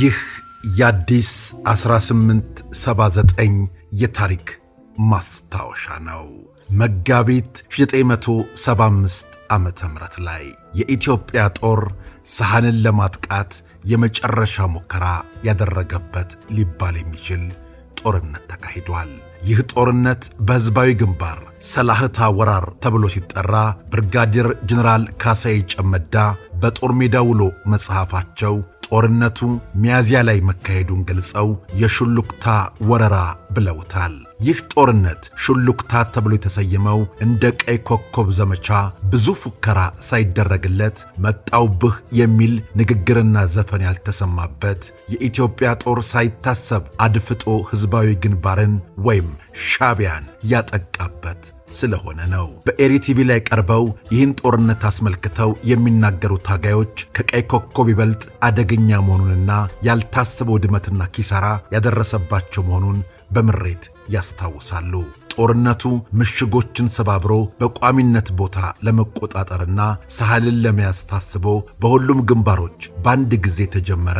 ይህ የአዲስ 1879 የታሪክ ማስታወሻ ነው። መጋቢት 975 ዓ ም ላይ የኢትዮጵያ ጦር ሰሐንን ለማጥቃት የመጨረሻ ሙከራ ያደረገበት ሊባል የሚችል ጦርነት ተካሂዷል። ይህ ጦርነት በሕዝባዊ ግንባር ሰላህት አወራር ተብሎ ሲጠራ ብርጋዴር ጀኔራል ካሳይ ጨመዳ በጦር ሜዳ ውሎ መጽሐፋቸው ጦርነቱ ሚያዚያ ላይ መካሄዱን ገልጸው የሹሉክታ ወረራ ብለውታል። ይህ ጦርነት ሹሉክታ ተብሎ የተሰየመው እንደ ቀይ ኮከብ ዘመቻ ብዙ ፉከራ ሳይደረግለት መጣውብህ የሚል ንግግርና ዘፈን ያልተሰማበት የኢትዮጵያ ጦር ሳይታሰብ አድፍጦ ሕዝባዊ ግንባርን ወይም ሻቢያን ያጠቃበት ስለሆነ ነው። በኤሪቲቪ ላይ ቀርበው ይህን ጦርነት አስመልክተው የሚናገሩ ታጋዮች ከቀይ ኮከብ ይበልጥ አደገኛ መሆኑንና ያልታሰበ ውድመትና ኪሳራ ያደረሰባቸው መሆኑን በምሬት ያስታውሳሉ። ጦርነቱ ምሽጎችን ሰባብሮ በቋሚነት ቦታ ለመቆጣጠርና ሳህልን ለመያዝ ታስቦ በሁሉም ግንባሮች በአንድ ጊዜ ተጀመረ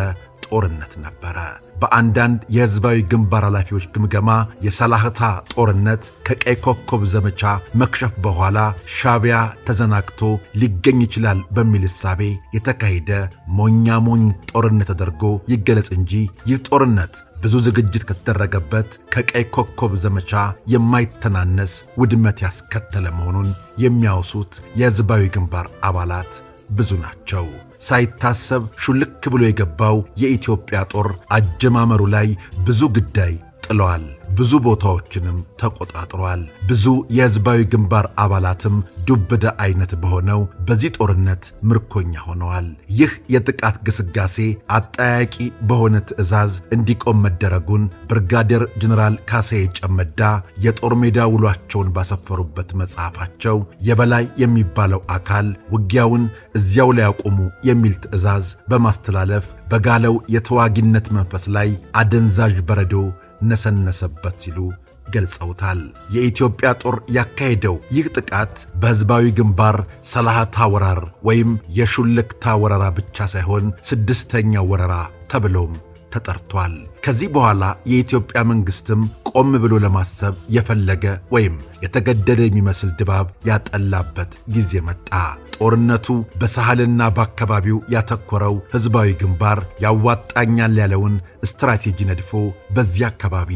ጦርነት ነበረ። በአንዳንድ የሕዝባዊ ግንባር ኃላፊዎች ግምገማ የሰላህታ ጦርነት ከቀይ ኮከብ ዘመቻ መክሸፍ በኋላ ሻቢያ ተዘናግቶ ሊገኝ ይችላል በሚል እሳቤ የተካሄደ ሞኛ ሞኝ ጦርነት ተደርጎ ይገለጽ እንጂ ይህ ጦርነት ብዙ ዝግጅት ከተደረገበት ከቀይ ኮከብ ዘመቻ የማይተናነስ ውድመት ያስከተለ መሆኑን የሚያወሱት የሕዝባዊ ግንባር አባላት ብዙ ናቸው። ሳይታሰብ ሹልክ ብሎ የገባው የኢትዮጵያ ጦር አጀማመሩ ላይ ብዙ ግዳይ ጥለዋል። ብዙ ቦታዎችንም ተቆጣጥሯል። ብዙ የሕዝባዊ ግንባር አባላትም ዱብደ አይነት በሆነው በዚህ ጦርነት ምርኮኛ ሆነዋል። ይህ የጥቃት ግስጋሴ አጠያቂ በሆነ ትዕዛዝ እንዲቆም መደረጉን ብርጋዴር ጀኔራል ካሳዬ ጨመዳ የጦር ሜዳ ውሏቸውን ባሰፈሩበት መጽሐፋቸው የበላይ የሚባለው አካል ውጊያውን እዚያው ላይ ያቆሙ የሚል ትዕዛዝ በማስተላለፍ በጋለው የተዋጊነት መንፈስ ላይ አደንዛዥ በረዶ ነሰነሰበት ሲሉ ገልጸውታል። የኢትዮጵያ ጦር ያካሄደው ይህ ጥቃት በሕዝባዊ ግንባር ሰላሃታ ወራር ወይም የሹልክታ ወረራ ብቻ ሳይሆን ስድስተኛው ወረራ ተብሎም ተጠርቷል። ከዚህ በኋላ የኢትዮጵያ መንግሥትም ቆም ብሎ ለማሰብ የፈለገ ወይም የተገደደ የሚመስል ድባብ ያጠላበት ጊዜ መጣ። ጦርነቱ በሳህልና በአካባቢው ያተኮረው ሕዝባዊ ግንባር ያዋጣኛል ያለውን ስትራቴጂ ነድፎ በዚህ አካባቢ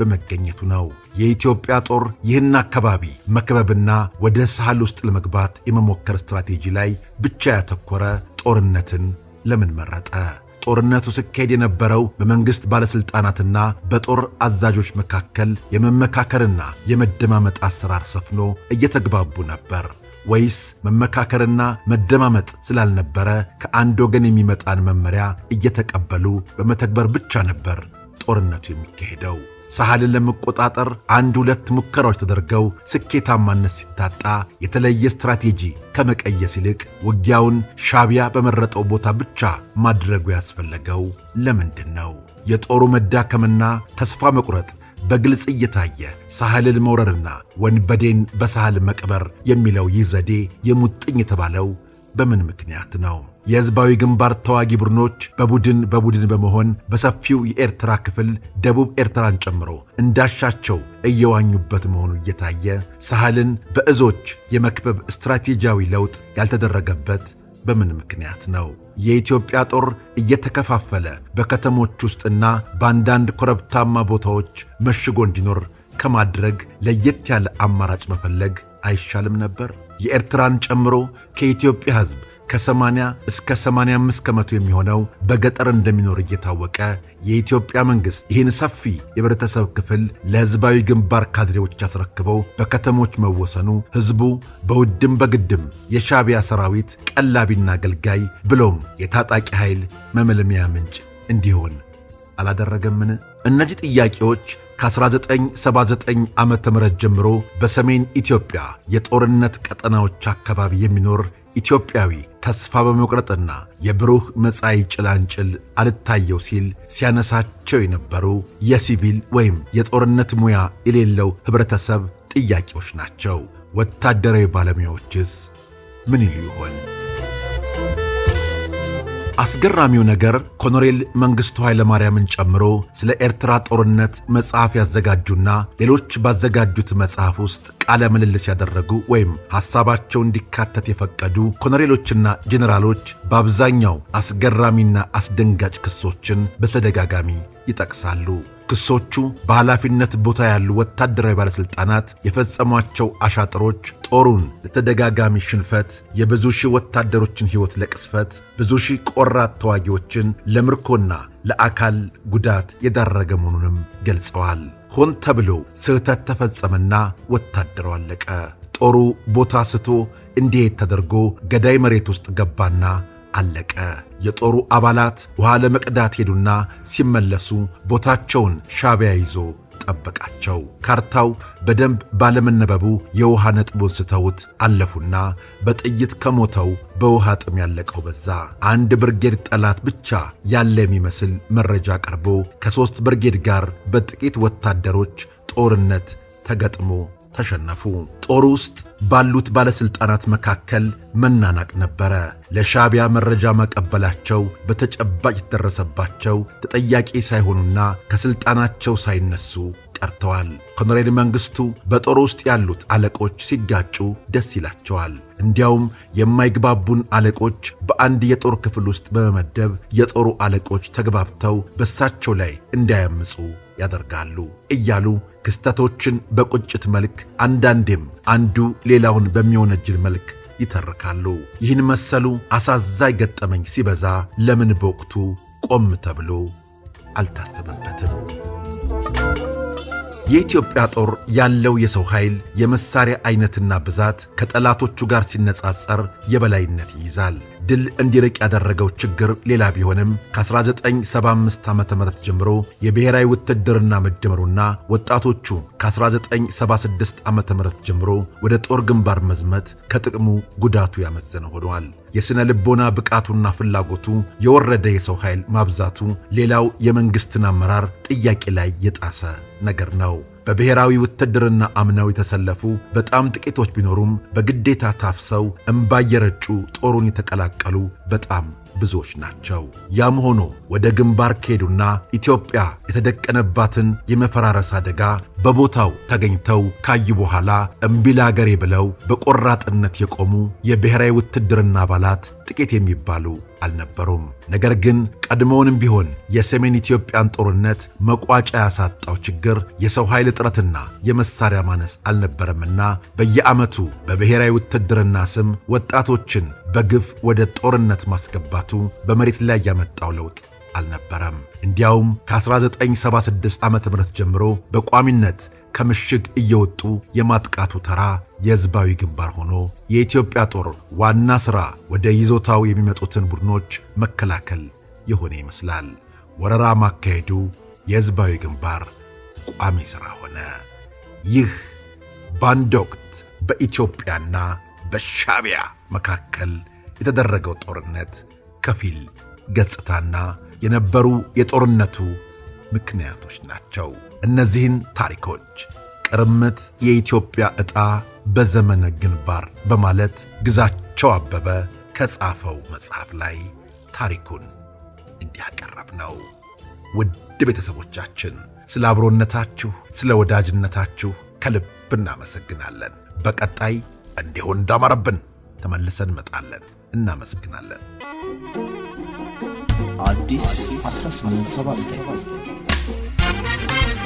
በመገኘቱ ነው። የኢትዮጵያ ጦር ይህን አካባቢ መክበብና ወደ ሳህል ውስጥ ለመግባት የመሞከር ስትራቴጂ ላይ ብቻ ያተኮረ ጦርነትን ለምን መረጠ? ጦርነቱ ሲካሄድ የነበረው በመንግሥት ባለሥልጣናትና በጦር አዛዦች መካከል የመመካከርና የመደማመጥ አሰራር ሰፍኖ እየተግባቡ ነበር ወይስ መመካከርና መደማመጥ ስላልነበረ ከአንድ ወገን የሚመጣን መመሪያ እየተቀበሉ በመተግበር ብቻ ነበር ጦርነቱ የሚካሄደው? ሳህልን ለመቆጣጠር አንድ ሁለት ሙከራዎች ተደርገው ስኬታማነት ሲታጣ የተለየ ስትራቴጂ ከመቀየስ ይልቅ ውጊያውን ሻቢያ በመረጠው ቦታ ብቻ ማድረጉ ያስፈለገው ለምንድን ነው? የጦሩ መዳከምና ተስፋ መቁረጥ በግልጽ እየታየ ሳህልን መውረርና ወንበዴን በሳህል መቅበር የሚለው ይህ ዘዴ የሙጥኝ የተባለው በምን ምክንያት ነው? የሕዝባዊ ግንባር ተዋጊ ቡድኖች በቡድን በቡድን በመሆን በሰፊው የኤርትራ ክፍል ደቡብ ኤርትራን ጨምሮ እንዳሻቸው እየዋኙበት መሆኑ እየታየ ሳህልን በእዞች የመክበብ ስትራቴጂያዊ ለውጥ ያልተደረገበት በምን ምክንያት ነው? የኢትዮጵያ ጦር እየተከፋፈለ በከተሞች ውስጥና በአንዳንድ ኮረብታማ ቦታዎች መሽጎ እንዲኖር ከማድረግ ለየት ያለ አማራጭ መፈለግ አይሻልም ነበር? የኤርትራን ጨምሮ ከኢትዮጵያ ሕዝብ ከ80 እስከ 85 ከመቶ የሚሆነው በገጠር እንደሚኖር እየታወቀ የኢትዮጵያ መንግሥት ይህን ሰፊ የህብረተሰብ ክፍል ለሕዝባዊ ግንባር ካድሬዎች አስረክበው በከተሞች መወሰኑ ሕዝቡ በውድም በግድም የሻቢያ ሰራዊት ቀላቢና አገልጋይ ብሎም የታጣቂ ኃይል መመልመያ ምንጭ እንዲሆን አላደረገምን? እነዚህ ጥያቄዎች ከ1979 ዓ ም ጀምሮ በሰሜን ኢትዮጵያ የጦርነት ቀጠናዎች አካባቢ የሚኖር ኢትዮጵያዊ ተስፋ በመቁረጥና የብሩህ መጻኢ ጭላንጭል አልታየው ሲል ሲያነሳቸው የነበሩ የሲቪል ወይም የጦርነት ሙያ የሌለው ኅብረተሰብ ጥያቄዎች ናቸው። ወታደራዊ ባለሙያዎችስ ምን ይሉ ይሆን? አስገራሚው ነገር ኮሎኔል መንግሥቱ ኃይለማርያምን ጨምሮ ስለ ኤርትራ ጦርነት መጽሐፍ ያዘጋጁና ሌሎች ባዘጋጁት መጽሐፍ ውስጥ ቃለ ምልልስ ያደረጉ ወይም ሐሳባቸው እንዲካተት የፈቀዱ ኮሎኔሎችና ጄኔራሎች በአብዛኛው አስገራሚና አስደንጋጭ ክሶችን በተደጋጋሚ ይጠቅሳሉ። ክሶቹ በኃላፊነት ቦታ ያሉ ወታደራዊ ባለሥልጣናት የፈጸሟቸው አሻጥሮች ጦሩን ለተደጋጋሚ ሽንፈት፣ የብዙ ሺህ ወታደሮችን ሕይወት ለቅስፈት፣ ብዙ ሺህ ቆራት ተዋጊዎችን ለምርኮና ለአካል ጉዳት የዳረገ መሆኑንም ገልጸዋል። ሆን ተብሎ ስህተት ተፈጸመና ወታደሩ አለቀ። ጦሩ ቦታ ስቶ እንዲሄድ ተደርጎ ገዳይ መሬት ውስጥ ገባና አለቀ። የጦሩ አባላት ውሃ ለመቅዳት ሄዱና ሲመለሱ ቦታቸውን ሻቢያ ይዞ ጠበቃቸው። ካርታው በደንብ ባለመነበቡ የውሃ ነጥቡን ስተውት አለፉና በጥይት ከሞተው በውሃ ጥም ያለቀው በዛ። አንድ ብርጌድ ጠላት ብቻ ያለ የሚመስል መረጃ ቀርቦ ከሦስት ብርጌድ ጋር በጥቂት ወታደሮች ጦርነት ተገጥሞ ተሸነፉ። ጦር ውስጥ ባሉት ባለሥልጣናት መካከል መናናቅ ነበረ። ለሻቢያ መረጃ መቀበላቸው በተጨባጭ የተደረሰባቸው ተጠያቂ ሳይሆኑና ከሥልጣናቸው ሳይነሱ ቀርተዋል። ኮንሬድ መንግሥቱ በጦር ውስጥ ያሉት አለቆች ሲጋጩ ደስ ይላቸዋል። እንዲያውም የማይግባቡን አለቆች በአንድ የጦር ክፍል ውስጥ በመመደብ የጦሩ አለቆች ተግባብተው በሳቸው ላይ እንዳያምፁ ያደርጋሉ እያሉ ክስተቶችን በቁጭት መልክ አንዳንዴም አንዱ ሌላውን በሚወነጅል መልክ ይተርካሉ። ይህን መሰሉ አሳዛኝ ገጠመኝ ሲበዛ ለምን በወቅቱ ቆም ተብሎ አልታሰበበትም? የኢትዮጵያ ጦር ያለው የሰው ኃይል የመሳሪያ አይነትና ብዛት ከጠላቶቹ ጋር ሲነጻጸር የበላይነት ይይዛል። ድል እንዲርቅ ያደረገው ችግር ሌላ ቢሆንም ከ1975 ዓ ም ጀምሮ የብሔራዊ ውትድርና መጀመሩና ወጣቶቹ ከ1976 ዓ ም ጀምሮ ወደ ጦር ግንባር መዝመት ከጥቅሙ ጉዳቱ ያመዘነ ሆነዋል። የሥነ ልቦና ብቃቱና ፍላጎቱ የወረደ የሰው ኃይል ማብዛቱ ሌላው የመንግሥትን አመራር ጥያቄ ላይ የጣሰ ነገር ነው። በብሔራዊ ውትድርና አምነው የተሰለፉ በጣም ጥቂቶች ቢኖሩም በግዴታ ታፍሰው እምባየረጩ ጦሩን የተቀላቀሉ በጣም ብዙዎች ናቸው። ያም ሆኖ ወደ ግንባር ከሄዱና ኢትዮጵያ የተደቀነባትን የመፈራረስ አደጋ በቦታው ተገኝተው ካዩ በኋላ እምቢ ለአገሬ ብለው በቆራጥነት የቆሙ የብሔራዊ ውትድርና አባላት ጥቂት የሚባሉ አልነበሩም። ነገር ግን ቀድሞውንም ቢሆን የሰሜን ኢትዮጵያን ጦርነት መቋጫ ያሳጣው ችግር የሰው ኃይል እጥረትና የመሳሪያ ማነስ አልነበረምና በየዓመቱ በብሔራዊ ውትድርና ስም ወጣቶችን በግፍ ወደ ጦርነት ማስገባቱ በመሬት ላይ ያመጣው ለውጥ አልነበረም። እንዲያውም ከ1976 ዓ ም ጀምሮ በቋሚነት ከምሽግ እየወጡ የማጥቃቱ ተራ የሕዝባዊ ግንባር ሆኖ የኢትዮጵያ ጦር ዋና ሥራ ወደ ይዞታው የሚመጡትን ቡድኖች መከላከል የሆነ ይመስላል። ወረራ ማካሄዱ የሕዝባዊ ግንባር ቋሚ ሥራ ሆነ። ይህ በአንድ ወቅት በኢትዮጵያና በሻቢያ መካከል የተደረገው ጦርነት ከፊል ገጽታና የነበሩ የጦርነቱ ምክንያቶች ናቸው። እነዚህን ታሪኮች ቅርምት የኢትዮጵያ ዕጣ በዘመነ ግንባር በማለት ግዛቸው አበበ ከጻፈው መጽሐፍ ላይ ታሪኩን እንዲያቀረብ ነው። ውድ ቤተሰቦቻችን ስለ አብሮነታችሁ፣ ስለ ወዳጅነታችሁ ከልብ እናመሰግናለን። በቀጣይ እንዲሁ እንዳማረብን ተመልሰን እንመጣለን። እናመሰግናለን። አዲስ 1879